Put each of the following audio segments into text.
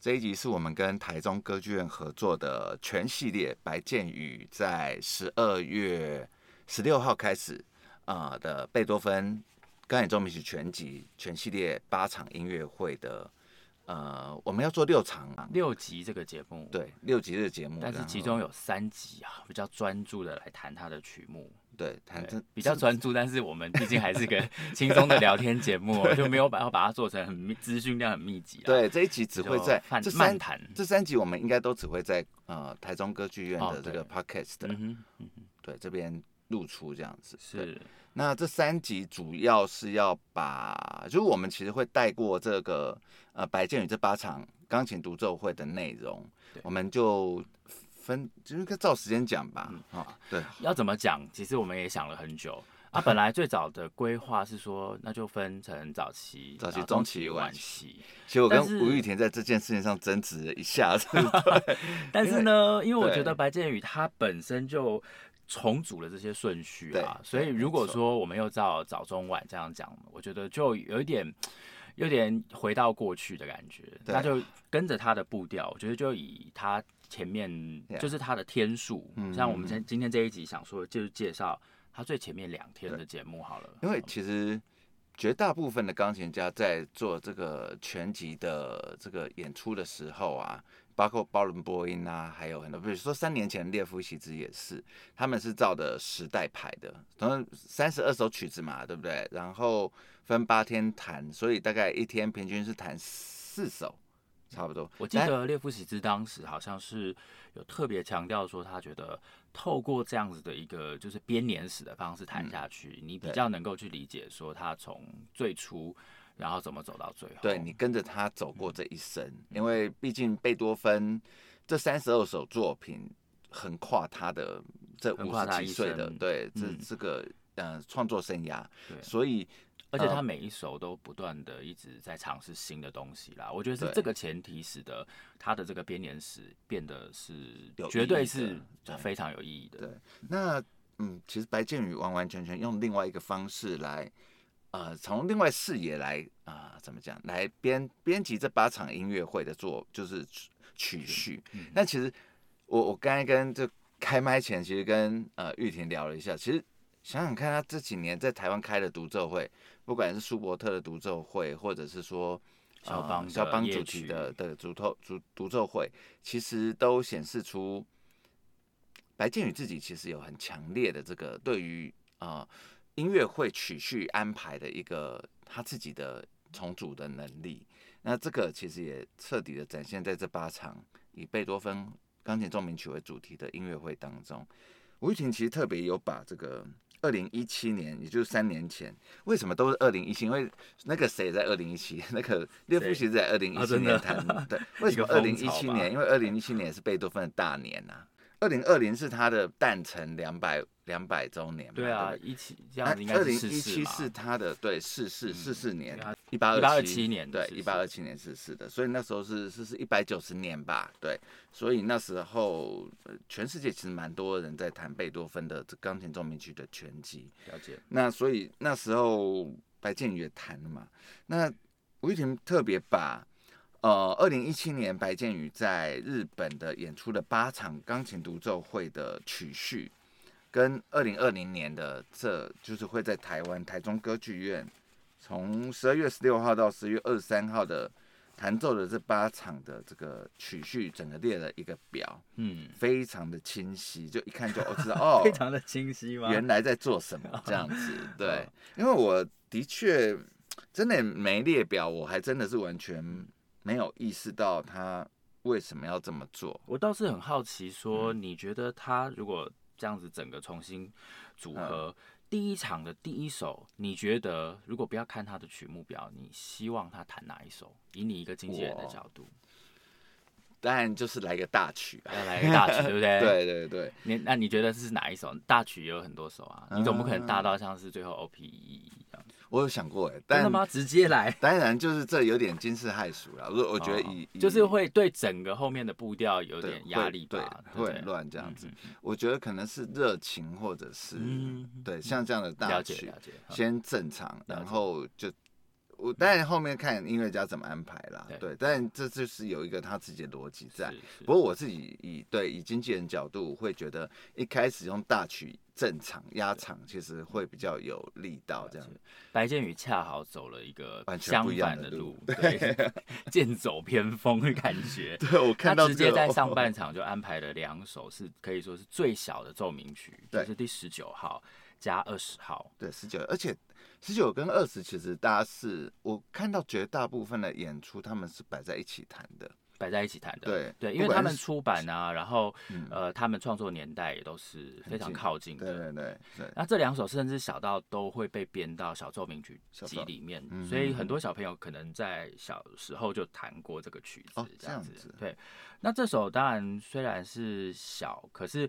這一集是我們跟台中歌劇院合作的全系列，白建宇在十二月十六號開始，啊、呃、的貝多芬鋼琴奏鳴曲全集全系列八場音樂會的，呃我們要做六場六集這個節目，對六集這個節目，但是其中有三集啊比較專注的來談他的曲目。對，談正比較專注，但是我們畢竟還是個輕鬆的聊天節目， 就沒有辦法把它做成很密，資訊量很密集。對，這一集只會在這三談這三集，我們應該都只會在呃台中歌劇院的這個 podcast 的、哦、對，對這邊露出這樣子。是，那這三集主要是要把，就是我們其實會帶過這個呃白建宇這八場鋼琴獨奏會的內容，我們就。分就應該照時間講吧，啊、嗯哦，對，要怎麼講？其實我們也想了很久啊。本來最早的規劃是說，那就分成早期、早期、中期、晚期、中期晚期。其實我跟吳玉田在這件事情上爭執了一下， 但是呢因，因為我覺得白建宇他本身就重組了這些順序啊，所以如果說我們又照早中晚這樣講，我覺得就有一點，有點回到過去的感覺。那就跟着他的步調，我覺得就以他。前面就是他的天數，yeah, 像我們今今天這一集想說，就是介紹他最前面兩天的節目好了。因為其實絕大部分的鋼琴家在做這個全集的這個演出的時候啊，包括巴倫波音啊，還有很多，比如說三年前列夫席茲也是，他們是照的時代排的，然後三十二首曲子嘛，對不對？然後分八天彈，所以大概一天平均是彈四首。差不多，我記得列夫·席茲當時好像是有特別強調說，他覺得透過這樣子的一個就是編年史的方式彈下去，嗯，你比較能夠去理解說他從最初，然後怎麼走到最後。對，你跟着他走過這一生，嗯、因為畢竟貝多芬這三十二首作品橫跨他的這五十幾歲的對這，嗯、這個嗯呃，創作生涯，對所以。而且他每一首都不斷的一直在嘗試新的東西啦、呃，我覺得是這個前提使得他的這個編年史變得是絕對是就非常有意義的。義的對，對，那嗯，其實白建宇完完全全用另外一個方式來，呃，從另外視野來啊、呃，怎麼講來編編輯這八場音樂會的作就是曲序、嗯。那其實我我剛才跟這開麥前，其實跟呃玉婷聊了一下，其實想想看他這幾年在台灣開的獨奏會。不管是舒伯特的獨奏會，或者是說肖、呃、邦肖邦主題的對主套主獨奏會，其實都顯示出白建宇自己其實有很強烈的這個對於啊、呃、音樂會曲序安排的一個他自己的重組的能力。那這個其實也徹底的展現在這八場以貝多芬鋼琴奏鳴曲為主題的音樂會當中。吳玉婷其實特別有把這個。二零一七年，也就是三年前，為什麼都是二零一七？因為那個誰也在二零一七， 那個列夫其實在二零一七年談的、啊。對，為什麼二零 一七年？因為二零一七年也是貝多芬的大年啊。二零二零是他的誕辰兩百兩百周年嘛？對啊，一七，那二零一七是他的對逝世四四,、嗯、四四年，一八一八二七年對，一八二七年逝世的，所以那時候是是是一百九十年吧？對，所以那時候、呃、全世界其實蠻多人在彈貝多芬的這鋼琴奏鳴曲的全集，了解？那所以那時候白建宇也彈了嘛？那吳玉婷特別把。呃，二零一七年白建宇在日本的演出的八場鋼琴獨奏會的曲序，跟二零二零年的這就是會在台灣台中歌劇院，從十二月十六號到十月二十三號的彈奏的這八場的這個曲序，整個列了一個表，嗯，非常的清晰，就一看就、哦、知道哦， 非常的清晰嗎？原來在做什麼這樣子， 對，因為我的確真的沒列表，我還真的是完全。沒有意識到他為什麼要這麼做。我倒是很好奇，說你覺得他如果這樣子整個重新組合，第一場的第一首，你覺得如果不要看他的曲目表，你希望他彈哪一首？以你一個經紀人的角度，當然就是來個大曲啊，要來個大曲，對不對？ 對對對，對。你那你覺得這是哪一首？大曲也有很多首啊，你總不可能大到像是最後 OP 一樣。我有想過哎、欸，但他媽直接來！當然就是這有點驚世駭俗了，我我覺得以、哦、就是會對整個後面的步調有點壓力吧，對、會亂這樣子嗯嗯。我覺得可能是熱情或者是、嗯、對像這樣的大曲了解了解，先正常，然後就。我、嗯、但後面看音樂家怎麼安排啦，對，對，但這就是有一個他自己的邏輯在。不過我自己以對以經紀人角度會覺得，一開始用大曲，正常壓場，其實會比較有力道這樣。白建宇恰好走了一個相反的路，完全不一樣的路，對，劍 走偏鋒的感覺。對，我看到、這個、直接在上半場就安排了兩首，是可以說是最小的奏鳴曲，對，就是第十九號加二十號，對，十九，而且。十九跟二十其實大家是我看到絕大部分的演出，他們是擺在一起彈的，擺在一起彈的。對對，因為他們出版啊，嗯、然後呃，他們創作年代也都是非常靠近的。很近，對對對，對。那這兩首甚至小到都會被編到小奏鳴曲集裡面、嗯，所以很多小朋友可能在小時候就彈過這個曲子，這樣子、哦。這樣子。對。那這首當然雖然是小，可是。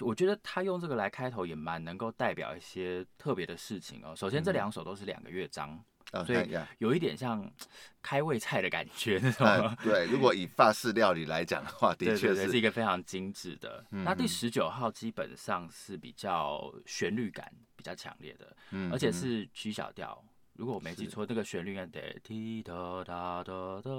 我覺得他用這個來開頭也蠻能夠代表一些特別的事情哦。首先這兩首都是兩個樂章，嗯，所以有一點像開胃菜的感覺、啊、那種、啊。對，如果以法式料理來講的話，的確是對對對，是一個非常精致的、嗯。那第十九號基本上是比較旋律感比較強烈的、嗯，而且是 G 小調。如果我沒記錯，那個旋律應該得滴答答答答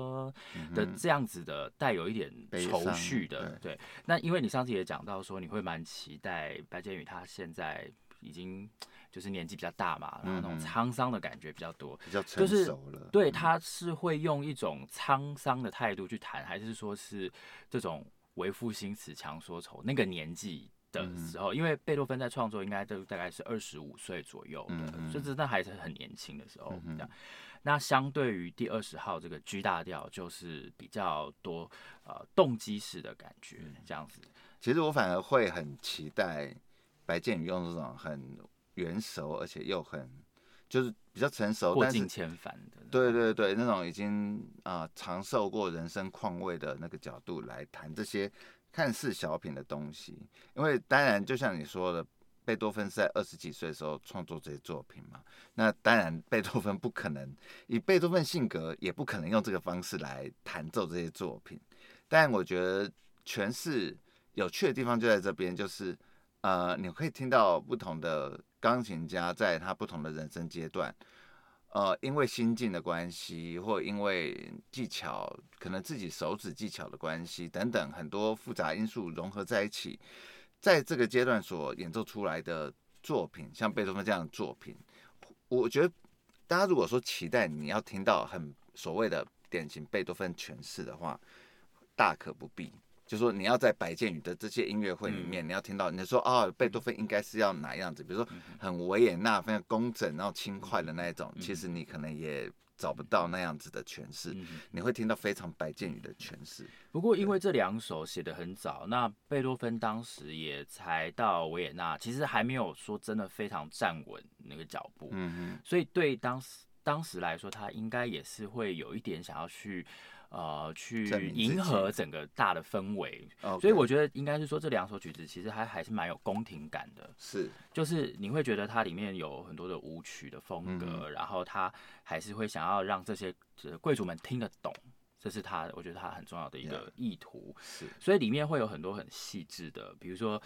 的，這樣子的，帶有一點愁緒的。對，那因為你上次也講到說，你會蠻期待白建宇他現在已經就是年紀比較大嘛，然後那種滄桑的感覺比較多、嗯，就是，比較成熟了。對，他是會用一種滄桑的態度去彈，還是說是這種為賦新詞強說愁那個年紀？的時候，因為貝多芬在創作應該都大概是二十五歲左右嗯、嗯，就是那還是很年輕的時候、嗯。那相對於第二十號這個 G 大調，就是比較多、呃、動機式的感覺、嗯、這樣子。其實我反而會很期待白建宇用這種很圓熟，而且又很就是比較成熟、過盡千帆的、那個，對對對，那種已經啊嚐、呃、受過人生況味的那個角度來談這些。看似小品的東西，因為當然就像你說的，貝多芬是在二十幾歲的時候創作這些作品嘛。那當然，貝多芬不可能以貝多芬性格，也不可能用這個方式來彈奏這些作品。但我覺得詮釋有趣的地方就在這邊，就是呃，你可以聽到不同的鋼琴家在他不同的人生階段，呃，因為心境的關係，或因為技巧，可能自己手指技巧的關係等等，很多複雜因素融合在一起，在這個階段所演奏出來的作品，像貝多芬這樣的作品，我覺得大家如果說期待你要聽到很所謂的典型貝多芬詮釋的話，大可不必。就說你要在白建宇的這些音樂會裡面，嗯、你要聽到你說啊，哦、貝多芬應該是要哪樣子？比如說很維也納，非常工整，然後輕快的那種。其實你可能也找不到那樣子的詮釋，嗯、你會聽到非常白建宇的詮釋。不過因為這兩首寫得很早，嗯、那貝多芬當時也才到維也納，其實還沒有說真的非常站穩那個腳步。嗯，所以對當時當時來說，他應該也是會有一點想要去。呃，去迎合整個大的氛圍，Okay. 所以我覺得應該是說，這兩首曲子其實還還是蠻有宮廷感的。是，就是你會覺得它裡面有很多的舞曲的風格，嗯、然後它還是會想要讓這些貴族們聽得懂，這是它我覺得它很重要的一個意圖。Yeah. 是，所以裡面會有很多很細緻的，比如說。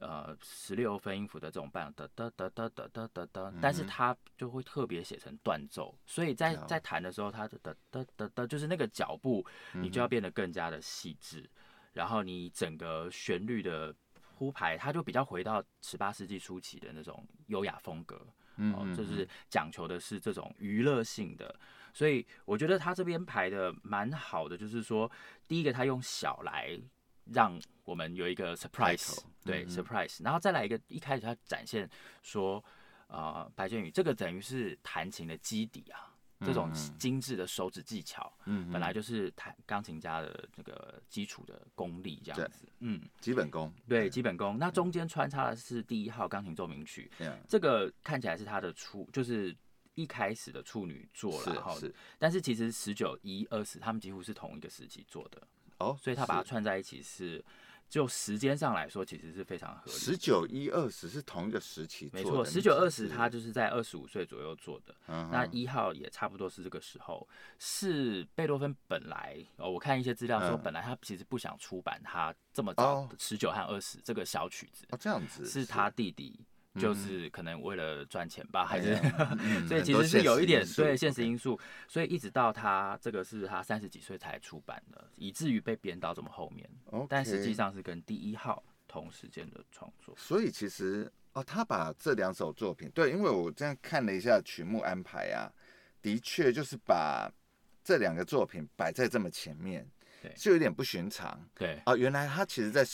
呃，十六分音符的這種伴，噠噠噠噠噠噠噠噠，嗯，但是它就會特別寫成斷奏，所以在在彈的時候，它的噠噠噠噠噠就是那個腳步，你就要變得更加的細緻，嗯，然後你整個旋律的鋪排，它就比較回到十八世紀初期的那種優雅風格，嗯、哦，就是講求的是這種娛樂性的，所以我覺得他這邊排的蠻好的，就是說，第一個他用小來。讓我們有一個 surprise，對、嗯、surprise，然後再來一個，一開始他展現說，啊、呃，白建宇這個等於是彈琴的基底啊，嗯、這種精緻的手指技巧，嗯，本來就是彈鋼琴家的這個基礎的功力這樣子，嗯，基本功，對，對，對基本功，那中間穿插的是第一號鋼琴奏鳴曲，yeah. 這個看起來是他的初，就是一開始的處女作了哈，但是其實十九、一、二十，他們幾乎是同一個時期做的。哦、oh,，所以他把它串在一起是，是就時間上來說，其實是非常合理的。十九、一二十是同一個時期，沒錯。十九、二十，他就是在二十五歲左右做的。嗯，那一號也差不多是這個時候。是貝多芬本來，哦、我看一些資料說，本來他其實不想出版他這麼早的《十九》和《二十》這個小曲子。哦、oh. oh,，這樣子是。是他弟弟。就是可能為了賺錢吧，嗯、還是，嗯、 所以其實是有一點，所以現實因素，因素。Okay. 所以一直到他這個是他三十幾歲才出版的，以至於被編到這麼後面。Okay. 但實際上是跟第一號同時間的創作。所以其實哦，他把這兩首作品，對，因為我這樣看了一下曲目安排啊，的確就是把這兩個作品擺在這麼前面，對，就有點不尋常。對，啊、哦，原來他其實在。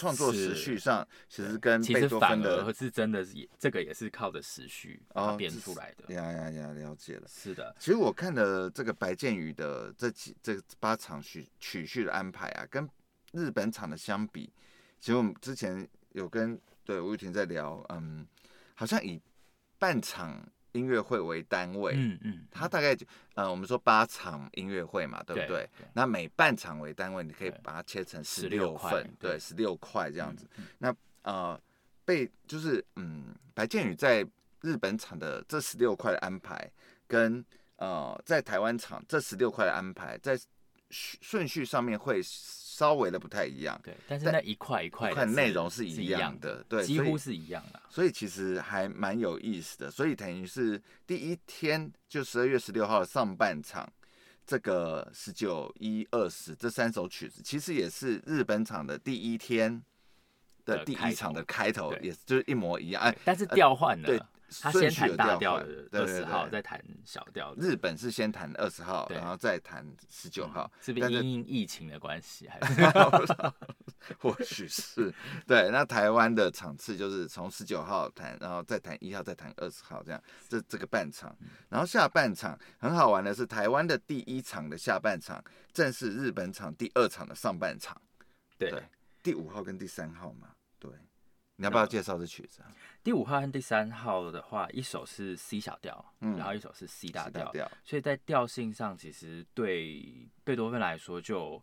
創作時序上，其實跟貝多芬的其實反而是真的也，也這個也是靠着時序啊編出來的。呀呀呀，了解了。是的，其實我看了這個白建宇的這幾這八場序曲序的安排啊，跟日本場的相比，其實我們之前有跟對吳玉婷在聊，嗯，好像以半場音樂會為單位，嗯嗯，他大概就呃，我們說八場音樂會嘛，對不對，對，對？那每半場為單位，你可以把它切成十六份，對，十六塊這樣子。嗯嗯、那呃，被就是嗯，白建宇在日本場的這十六塊的安排跟，跟呃在台灣場這十六塊的安排，在順順序上面會稍微的不太一樣，對，但是那一塊一塊內容是一樣的，是，是一樣的，對，幾乎是一樣的、啊，所以其實還蠻有意思的。所以等於是第一天就十二月十六號上半場這個十九一二十這三首曲子，其實也是日本場的第一天的第一場的開頭，開頭也就是一模一樣，哎、啊，但是調換了。呃對他先彈大調的二十號，他號對對對對，再彈小調。日本是先彈二十號，然後再彈十九號。這、嗯、邊因疫情的關係還，還是？或 許是？對，那台灣的場次就是從十九號彈，然後再彈一號，再彈二十號這樣。這這個半場，然後下半場很好玩的是，台灣的第一場的下半場，正是日本場第二場的上半場。對，對第五號跟第三號嘛。你要不要介紹這曲子？第五號和第三號的話，一首是 C 小調、嗯，然後一首是 C 大調，所以在調性上其實對貝多芬來說就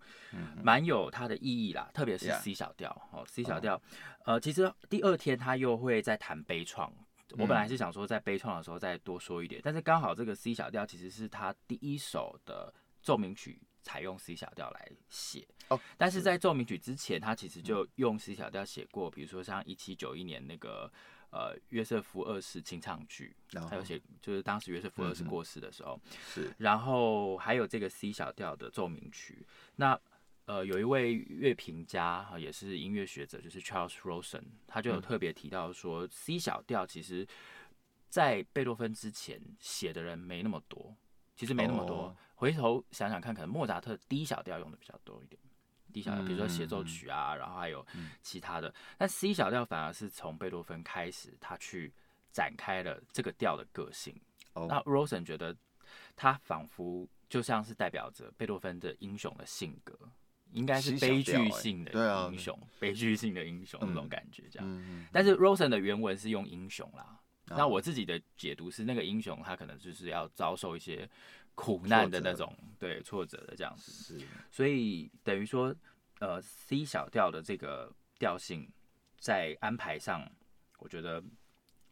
蠻有它的意義啦。嗯、特別是 C 小調，yeah. 哦，C 小調，oh. 呃，其實第二天他又會再彈悲愴。我本來是想說在悲愴的時候再多說一點，嗯、但是剛好這個 C 小調其實是他第一首的奏鳴曲。採用 C 小調來寫，oh, 但是在奏鳴曲之前，他其實就用 C 小調寫過、嗯，比如說像一七九一年那個呃約瑟夫二世清唱劇，還有寫就是當時約瑟夫二世過世的時候，是、嗯，然後還有這個 C 小調的奏鳴曲。那呃有一位樂評家、呃、也是音樂學者，就是 Charles Rosen，他就有特別提到說、嗯，C 小調其實在貝多芬之前寫的人沒那麼多，其實沒那麼多。Oh. 回頭想想看，可能莫扎特 D 小調用的比較多一點，D 小調、嗯，比如說協奏曲啊、嗯，然後還有其他的。那、嗯、C 小調反而是從貝多芬開始，他去展開了這個調的個性、哦。那 Rosen 覺得，他仿佛就像是代表着貝多芬的英雄的性格，應該是悲劇性的英雄，欸啊、英雄悲劇性的英雄那種感覺這樣、嗯。但是 Rosen 的原文是用英雄啦、嗯，那我自己的解讀是那個英雄他可能就是要遭受一些。苦難的那種，挫折，對，挫折的這樣子，是，所以等於說，呃，C 小調的這個調性在安排上，我覺得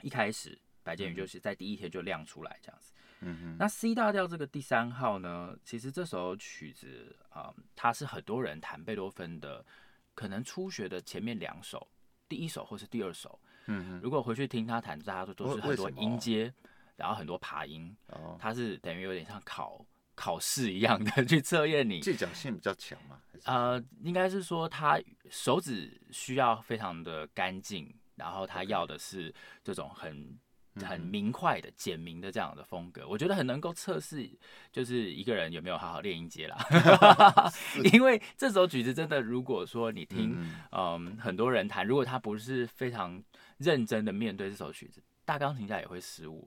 一開始白建宇就是在第一天就亮出來這樣子。嗯哼。那 C 大調這個第三號呢，其實這首曲子啊，它、呃、是很多人彈貝多芬的，可能初學的前面兩首，第一首或是第二首，嗯哼。如果回去聽他彈，大家都，都是很多音階。然後很多爬音，哦，它是等於有點像考考試一樣的去測驗你。技巧性比較強嗎？呃，應該是說他手指需要非常的乾淨，然後他要的是這種很很明快的、簡明的這樣的風格。嗯嗯，我覺得很能夠測試，就是一個人有沒有好好練音階啦？ 因為這首曲子真的，如果說你聽，嗯、嗯、呃，很多人彈，如果他不是非常認真的面對這首曲子，大鋼琴家也會失誤。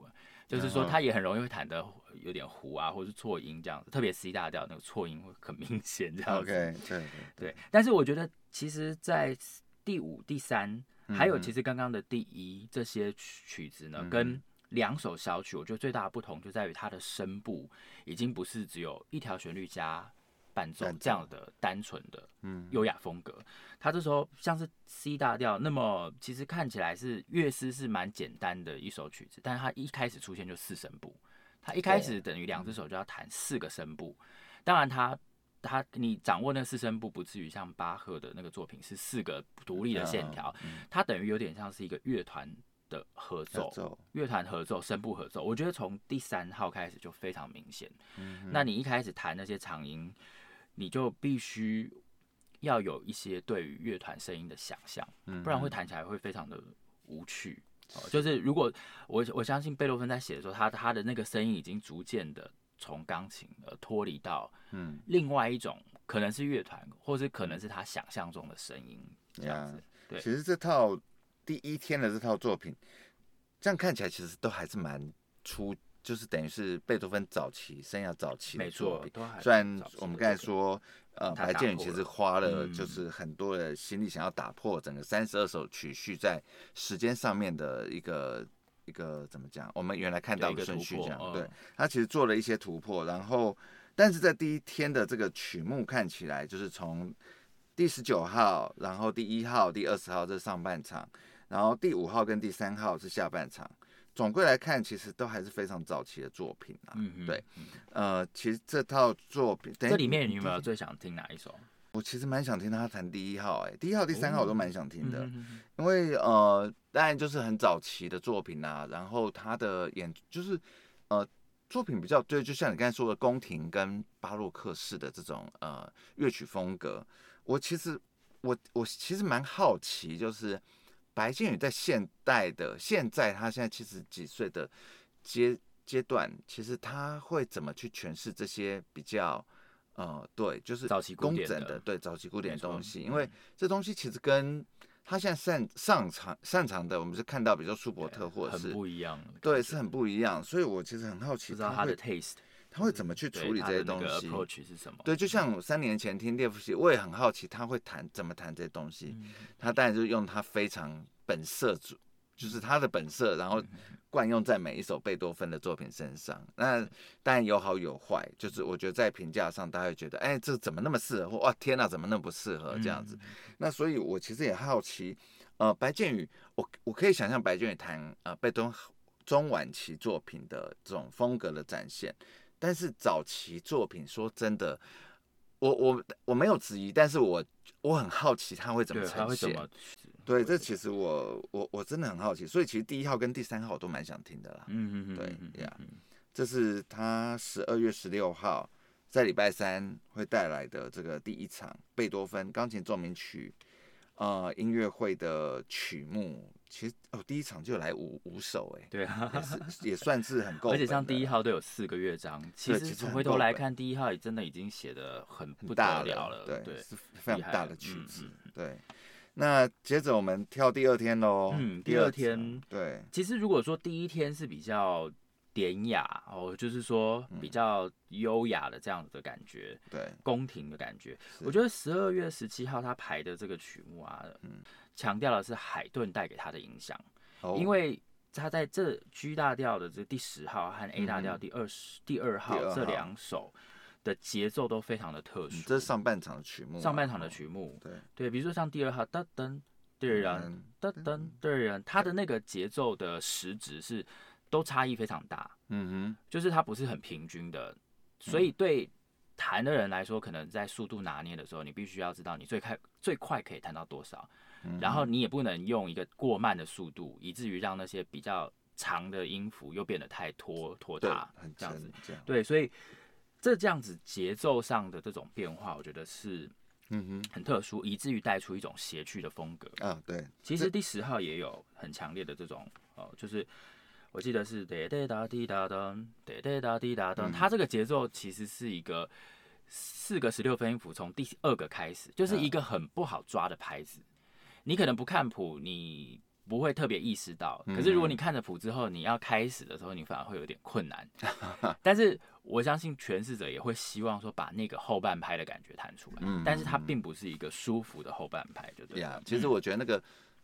就是說，他也很容易會彈得有點糊啊，或是錯音這樣子。特別 C 大調那個錯音會很明顯這樣子。Okay, 對對，對，對。但是我覺得，其實，在第五、第三，還有其實剛剛的第一、嗯、這些曲子呢、嗯，跟兩首小曲，我覺得最大的不同就在於它的聲部已經不是只有一條旋律加。伴奏這樣的單純的優雅風格，他這時候像是 C 大調，那麼其實看起來是樂思是蠻簡單的一首曲子，但是他一開始出現就四聲部，他一開始等於兩隻手就要彈四個聲部。當然，他他你掌握那四聲部不至於像巴赫的那個作品是四個獨立的線條，它等於有點像是一個樂團的合奏，樂團合奏聲部合奏。我覺得從第三號開始就非常明顯。嗯，那你一開始彈那些長音。你就必須要有一些對於樂團聲音的想象嗯，不然會彈起來會非常的無趣。是哦、就是如果我我相信貝多芬在寫的時候，他他的那個聲音已經逐漸的從鋼琴呃脫離到嗯另外一種、嗯、可能是樂團，或是可能是他想象中的聲音這樣子。對，其實這套第一天的這套作品，這樣看起來其實都還是蠻出。就是等於是貝多芬早期，生涯早期，沒錯。雖然我們剛才說，呃，白建宇其實花了就是很多的心力，想要打破整個三十二首曲序在時間上面的一個一個怎麼講？我們原來看到一個順序這樣，對，他其實做了一些突破。然後，但是在第一天的這個曲目看起來，就是從第十九號，然後第一號、第二十號這是上半場，然後第五號跟第三號是下半場。總歸來看，其實都還是非常早期的作品啊。嗯、對，呃，其實這套作品，嗯、等這裡面你有沒有最想聽哪一首？嗯、我其實蠻想聽他彈第一號、欸，哎，第一號、第三號我都蠻想聽的，嗯、因為呃，當然就是很早期的作品啊。然後他的演，就是、呃、作品比較，對，就像你剛才說的，宮廷跟巴洛克式的這種呃樂曲風格，我其實我我其實蠻好奇，就是。白建宇在現代的現在，他現在七十幾歲的階階段，其實他會怎麼去詮釋這些比較呃，對，就是工整的，的對，早期古典的東西，因為這東西其實跟他現在擅擅長擅長的，我們是看到比如說舒伯特或者是不一樣，對，是很不一樣，所以我其實很好奇他，他的 taste。他會怎麼去處理這些東西？Approach 是什麼？對，就像我三年前聽列夫西，我也很好奇他會彈怎麼彈這些東西、嗯。他當然就用他非常本色，就是他的本色，然後慣用在每一首貝多芬的作品身上。嗯、那當然有好有壞，就是我覺得在評價上，大家會覺得哎、欸，這怎麼那麼適合，或哇天哪、啊，怎麼那麼不適合這樣子。嗯、那所以，我其實也好奇，呃，白建宇，我我可以想象白建宇彈呃貝多中晚期作品的這種風格的展現。但是早期作品，說真的，我我我沒有質疑，但是我我很好奇他會怎麼呈現。對，對這其實我我我真的很好奇，所以其實第一號跟第三號我都蠻想聽的啦。嗯嗯，對呀，yeah, 這是他十二月十六號在禮拜三會帶來的這個第一場貝多芬鋼琴奏鳴曲。呃，音樂會的曲目其實哦，第一場就來五五首哎、欸，對啊，也，也算是很夠，而且像第一號都有四個樂章，其實從回頭來看，第一號也真的已經寫得很不得了了大對，對，是非常大的曲子，嗯嗯對。那接着我們跳第二天嘍，嗯第，第二天，對，其實如果說第一天是比較。典雅哦，就是說比較優雅的這樣子的感覺，嗯、對，宮廷的感覺。我覺得十二月十七號他排的這個曲目啊，嗯、強調的是海頓帶給他的影響。哦，因為他在這 G 大調的這第十號和 A 大調第二十、嗯、第二號、第二號這兩首的節奏都非常的特殊。嗯、這是上半場的曲目，啊，上半場的曲目，哦、對對，比如說像第二號噔噔，噔噔，噔噔、噔、噔、噔、噔、噔、噔、噔，他的那個節奏的時值是。都差異非常大，嗯哼，就是它不是很平均的，所以對彈的人來說，可能在速度拿捏的時候，你必須要知道你最開最快可以彈到多少，嗯，然後你也不能用一個過慢的速度，以至於讓那些比較長的音符又變得太拖拖沓，這樣子這樣對，所以這這樣子節奏上的這種變化，我覺得是嗯哼很特殊，嗯，以至於帶出一種諧趣的風格啊，對，其實第十號也有很強烈的這種、呃、就是。我記得是噠噠噠滴噠咚，噠噠噠滴噠咚。它這個節奏其實是一個四個十六分音符從第二個開始，嗯、就是一個很不好抓的拍子。你可能不看譜，你不會特別意識到。可是如果你看了譜之後，你要開始的時候，你反而會有點困難。嗯、但是我相信詮釋者也會希望說把那個後半拍的感覺彈出來，mm-hmm. 但是他並不是一個舒服的後半拍，對不對？Yeah, 其實我覺得那個、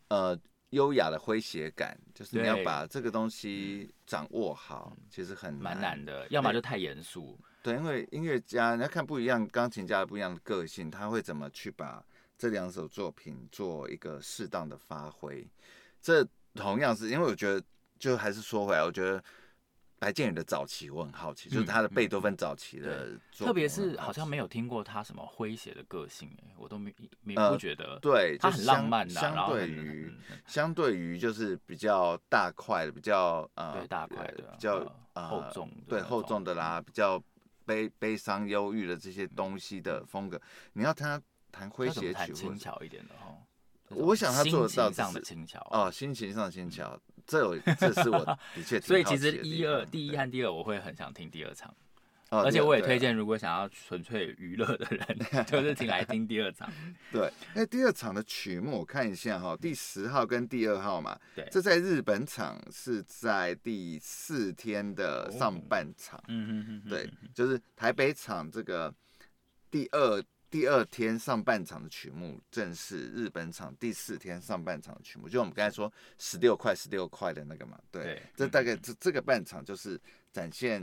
嗯、呃。優雅的詼諧感，就是你要把這個東西掌握好，其實很蠻難的。要麼就太嚴肅。欸，對，因為音樂家你要看不一樣，鋼琴家不一樣的個性，他會怎麼去把這兩首作品做一個適當的發揮。這同樣是因為我覺得，就還是說回來，我覺得。白建宇的早期，我很好奇，嗯、就是他的貝多芬早期的作、嗯嗯嗯嗯，特別是好像沒有聽過他什麼詼諧的個性、欸，我都沒沒不覺得、啊呃。對，就很浪漫的。相對於、嗯嗯、相對於、嗯、就是比較大塊的，比較呃對大塊的，比、呃、較厚重對厚，厚重的啦，比較悲悲傷憂鬱的這些東西的風格，嗯、你要他彈詼諧曲，輕巧一點的哦。我想他做到、就是、得到這樣的輕巧、啊、哦，心情上的輕巧。嗯這有這是我的確的，所以其實一二，第一和第二，我會很想聽第二場，哦、而且我也推薦，如果想要純粹娛樂的人，就是來聽第二場。 對，那第二場的曲目我看一下哈、哦嗯，第十號跟第二號嘛，對，這在日本場是在第四天的上半場，嗯嗯嗯，對嗯哼哼哼哼，就是台北場這個第二。第二天上半場的曲目正是日本場第四天上半場的曲目，就我們剛才說十六塊十六塊的那個嘛，對，對嗯、這大概、嗯、這這個半場就是展現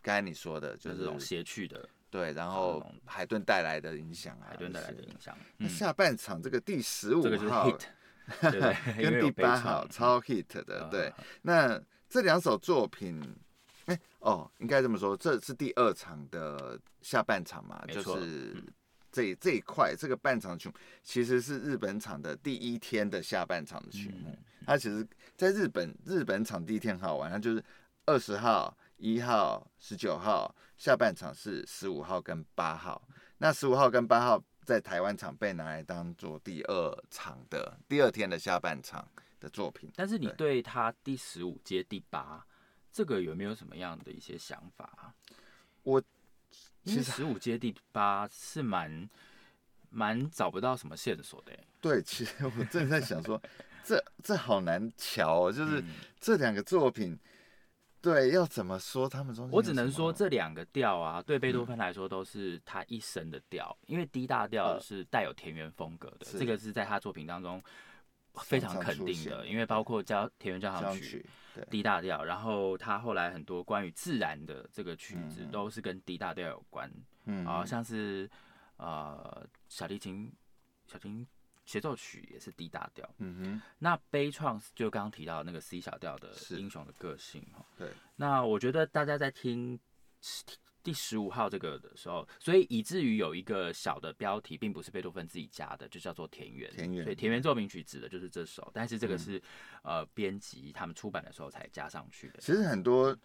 剛才你說的，就是這種諧趣的，對，然後海頓帶來的影響啊，海頓帶來的影響、嗯。那下半場這個第十五號，這個、就是 hit, 對,對,對， 跟第八號超 hit 的，對，哦對哦、那這兩首作品，哎、欸、哦，應該這麼說，這是第二場的下半場嘛，就是。嗯這這一塊，這個半場曲其實是日本場的第一天的下半場的曲目。它其實，在日本日本場第一天好玩，它就是二十號、一號、十九號，下半場是十五號跟八號。那十五號跟八號在台灣場被拿來當做第二場的第二天的下半場的作品。但是你對他第十五接第八這個有沒有什麼樣的一些想法？我。其實十五階第八是蠻蠻找不到什麼線索的，欸。對，其實我正在想說， 這這好難瞧哦。就是這兩個作品，對，要怎麼說他們中間？我只能說這兩個調啊，對貝多芬來說都是他一生的調，嗯，因為 D 大調是帶有田園風格的，呃，這個是在他作品當中。非常肯定的，因為包括教田園交響曲，對，D 大調，然後他後來很多關於自然的這個曲子，都是跟 D 大調有關，啊、嗯呃嗯，像是、呃、小提琴小提琴協奏曲也是 D 大調，嗯哼，那悲愴，就剛剛提到那個 C 小調的英雄的個性，對，那我覺得大家在聽聽第十五號這個的時候，所以以至於有一個小的標題，並不是貝多芬自己加的，就叫做田園《田園》。田園對《田園奏鳴曲》指的就是這首，但是這個是、嗯、呃編輯他們出版的時候才加上去的。其實很多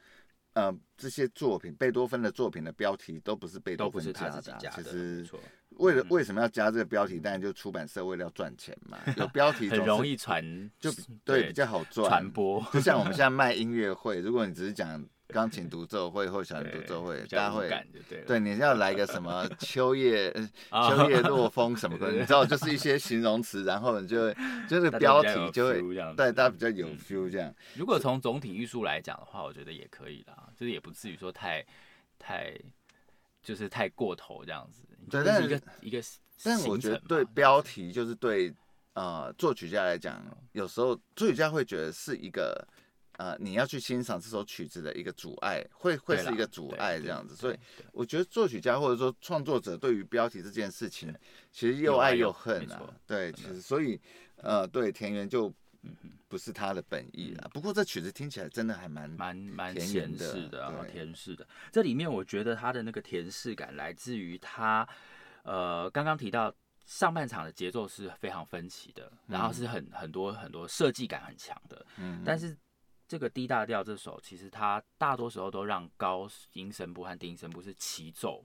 呃這些作品，貝多芬的作品的標題都不是貝多芬、啊、是他自己加的。其實、嗯、為了為什麼要加這個標題？當然就出版社為了要賺錢嘛。有標題 很容易傳，就對，對比較好傳播，就像我們現在賣音樂會， 如果你只是講。鋼琴獨奏會或小提琴獨奏會，大家會，對，對你要來個什麼秋葉， 秋葉落風什麼 你知道，就是一些形容詞， 然後你就會就是標題，就會，對，大家比較有 feel 這樣。如果從總體藝術來講的話，我覺得也可以啦，就是也不至於說太太就是太過頭這樣子。對，但、就是一個，但是我覺得對標題就是對，對，呃，作曲家來講，有時候作曲家會覺得是一個。呃、你要去欣賞這首曲子的一個阻礙，會會是一個阻礙這樣子，所以我覺得作曲家或者說創作者對於標題這件事情，其實又愛又恨啊。又又對，其實所以呃，對田園就不是他的本意了，嗯。不過這曲子聽起來真的還蠻蠻蠻閒適的，閒適的、的。這裡面我覺得他的那個閒適感來自於他呃，剛剛提到上半場的節奏是非常分歧的，然後是很，嗯，很多很多設計感很強的，嗯，但是。這個 D 大調這首，其實它大多時候都讓高音聲部和低音聲部是齊奏，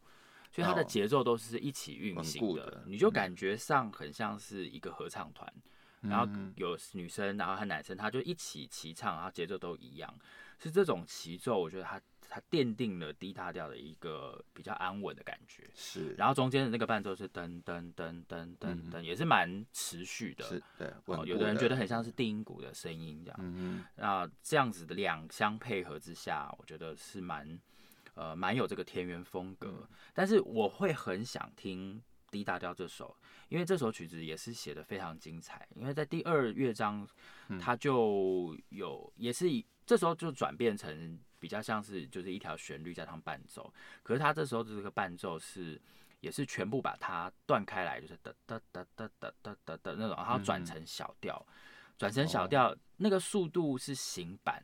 所以它的節奏都是一起運行的，哦、的你就感覺上很像是一個合唱團、嗯，然後有女生，然後和男生，他就一起齊唱，然後節奏都一樣。是這種齊奏，我覺得它它奠定了 D 大調的一個比較安穩的感覺。是，然後中間的那個伴奏是噔噔噔噔噔噔，噔、嗯，也是蠻持續的。是，對、哦。有的人覺得很像是低音鼓的聲音這樣。嗯，那這樣子的兩相配合之下，我覺得是蠻呃蠻有這個田園風格、嗯。但是我會很想聽。D 大調這首，因為這首曲子也是寫得非常精彩，因為在第二樂章，它就有，也是這時候就轉變成比較像是就是一條旋律加上伴奏，可是它這時候的這個伴奏是，也是全部把它斷開來，就是噠噠噠噠噠噠噠的那種，然後轉成小調，轉成小調，那個速度是行板，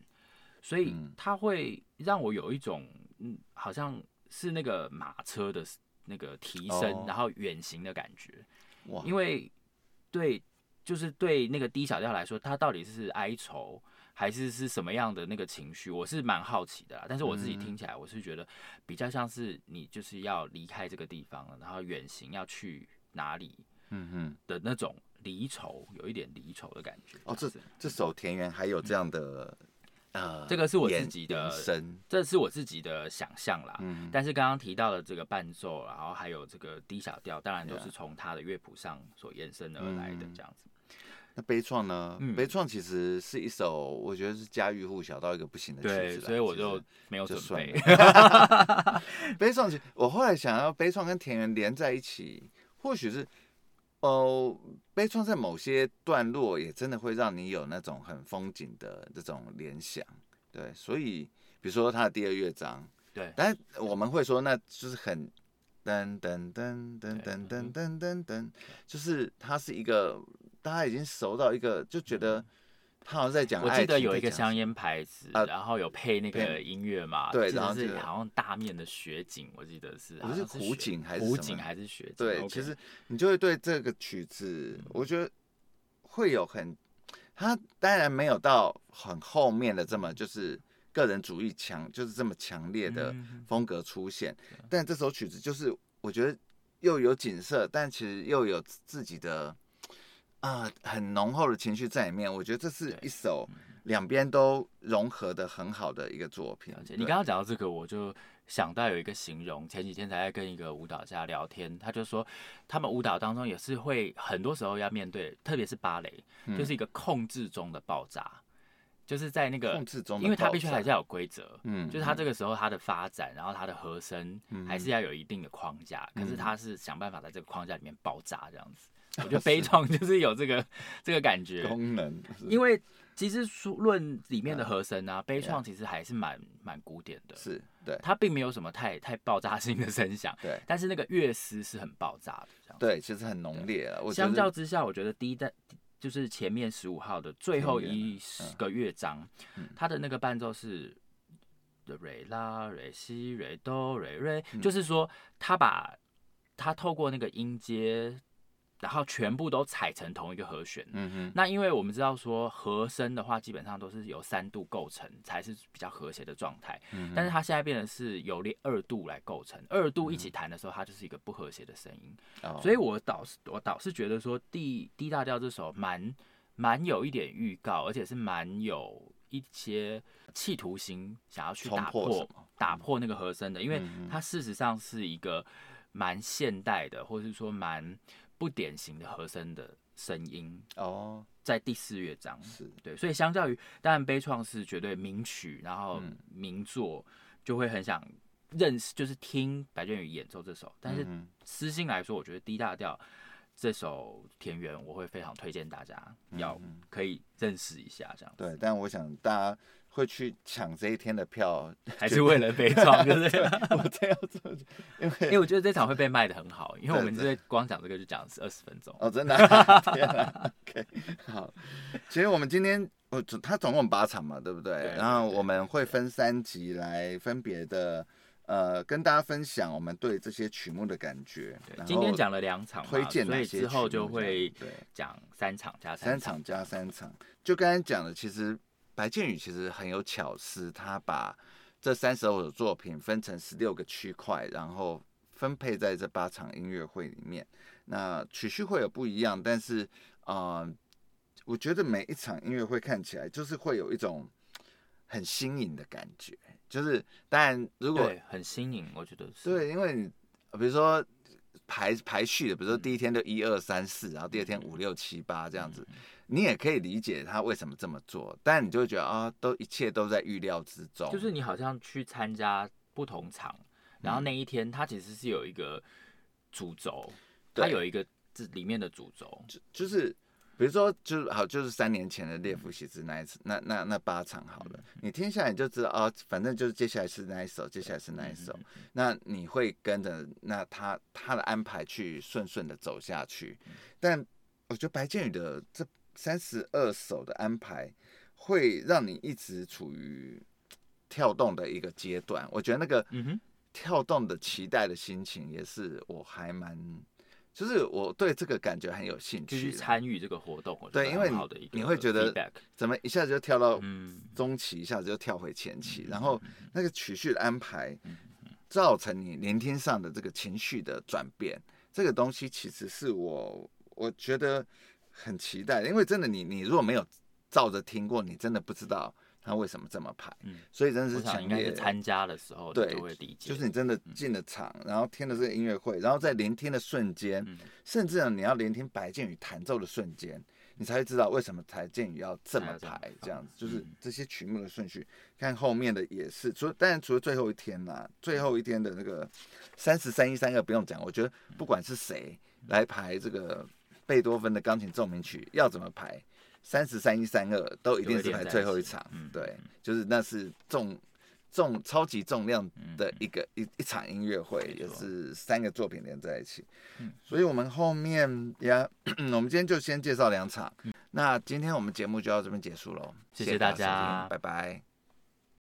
所以它會讓我有一種嗯好像是那個馬車的。那個提升、哦，然後遠行的感覺，因為對，就是對那個 D 小調來說，它到底是哀愁，還是是什麼樣的那個情緒？我是蠻好奇的啦，但是我自己聽起來，我是覺得比較像是你就是要離開這個地方了，然後遠行要去哪裡，嗯哼，的那種離愁，有一點離愁的感覺。哦，這哦這，這首田園還有這樣的。嗯嗯呃、這個是我自己的，這是我自己的想象啦、嗯。但是剛剛提到的這個伴奏，然後還有這個 D 小調，當然就是從他的樂譜上所延伸而來的這樣子。嗯、那悲愴呢？嗯、悲愴其實是一首我覺得是家喻戶曉到一個不行的曲子，對，所以我就沒有準備。 悲愴，我後來想要悲愴跟田園連在一起，或許是。哦，悲愴在某些段落也真的會讓你有那種很風景的這種聯想，對，所以比如說他的第二樂章，對，但我們會說那就是很噔噔噔噔噔噔噔噔噔噔。嗯，就是它是一個大家已經熟到一個就覺得。嗯他好像在講，我記得有一個香煙牌子、呃，然後有配那個音樂嘛？對，然後、就是、是好像大面的雪景，我記得是，不是湖景還是湖景還是雪景？對、OK，其實你就會對這個曲子，我覺得會有很，他當然沒有到很後面的這麼就是個人主義強，就是這麼強烈的風格出現、嗯。但這首曲子就是我覺得又有景色，但其實又有自己的。啊，很濃厚的情緒在裡面，我覺得這是一首兩邊都融合的很好的一個作品。而且你剛剛講到這個，我就想到有一個形容，前幾天才在跟一個舞蹈家聊天，他就說他們舞蹈當中也是會很多時候要面對，特別是芭蕾，嗯、就是一個控制中的爆炸，就是在那個控制中，因為它必須還是要有規則，嗯，就是他這個時候他的發展，然後他的和聲還是要有一定的框架，嗯、可是他是想辦法在這個框架裡面爆炸這樣子。 我覺得悲愴就是有這個這個感覺功能，因為其實書論裡面的和聲啊，啊，悲愴其實還是蠻蠻古典的，是，對，它並沒有什麼太太爆炸性的聲響，對，但是那個樂師是很爆炸的，對，其實很濃烈啊。相較之下，我覺得第一段就是前面十五號的最後一個樂章，嗯嗯，它的那個伴奏是的 re la re si re do re re，就是說他把他透過那個音階。然後全部都踩成同一個和絃，嗯哼。那因為我們知道說和聲的話，基本上都是由三度構成才是比較和諧的狀態。嗯。但是它現在變得是由二度來構成，二度一起彈的時候，它就是一個不和諧的聲音。嗯、所以我倒是我倒是覺得說，D、D 大調這首蠻蠻,蠻有一點預告，而且是蠻有一些企圖心想要去打破,破打破那個和聲的，因為它事實上是一個蠻現代的，或是說蠻。不典型的和聲的聲音哦，oh, 在第四樂章是對，所以相較於當然悲愴是絕對名曲，然後名作就會很想認識，就是聽白建宇演奏這首。但是私心來說，我覺得 D 大調這首田園，我會非常推薦大家要可以認識一下這樣。Mm -hmm. 對，但我想大家。會去搶這一天的票，還是為了被撞？就是我 因為我覺得這場會被賣的很好， 因為我們這光講這個就講二十分鐘哦，真的、啊 啊、OK，好，其實我們今天我總他總共八場嘛，對不對，對？然後我們會分三集來分別的，呃，跟大家分享我們對這些曲目的感覺。對，今天講了兩場，推薦的之後就會講三場加三場，三場加三場。就剛剛講的，其實。白建宇其實很有巧思，他把這三十二首作品分成十六個區塊，然後分配在這八場音樂會裡面。那曲序會有不一樣，但是嗯、呃、我覺得每一場音樂會看起來就是會有一種很新穎的感覺，就是當然如果對很新穎，我覺得是，對，因為你比如說。排排序的，比如說第一天就一二三四，然後第二天五六七八這樣子，你也可以理解他為什麼這麼做，但你就會覺得啊，都一切都在預料之中。就是你好像去參加不同場，然後那一天他其實是有一個主軸，嗯，他有一個這裡面的主軸，就就是。比如說，就好，就是三年前的列夫席茲那一次，那那那八場好了，你聽下來你就知道啊、哦，反正就是接下來是那一首，接下來是那一首，那你會跟着那他他的安排去順順的走下去。但我覺得白建宇的這三十二首的安排，會讓你一直處於跳動的一個階段。我覺得那個跳動的期待的心情，也是我還蠻。就是我對這個感覺很有興趣，去參與這個活動。對，因為你會覺得怎麼一下子就跳到中期，一下子就跳回前期，然後那個曲序的安排，造成你聆聽上的這個情緒的轉變，這個東西其實是我我覺得很期待，因為真的你你如果沒有照着聽過，你真的不知道。他為什麼這麼排？嗯、所以真的是我想應該參加的時候，對，就會理解。就是你真的進了場，嗯，然後聽了這個音樂會，然後在聆聽的瞬間，嗯，甚至呢，你要聆聽白建宇彈奏的瞬間，嗯，你才會知道為什麼白建宇要，要這麼排。這樣子，嗯、就是這些曲目的順序。看後面的也是，除了當然除了最後一天吶，啊，最後一天的那個三十、三十一、三十二不用講。我覺得不管是誰來排這個貝多芬的鋼琴奏鳴曲，嗯，要怎麼排？三十三一三二都一定是排最後一場，一對、嗯嗯，就是那是重重超級重量的一個、嗯嗯、一一場音樂會、嗯，也是三個作品連在一起。嗯、所以，我們後面呀咳咳，我們今天就先介紹兩場、嗯。那今天我們節目就到這邊結束嘍，謝謝大家，大拜拜。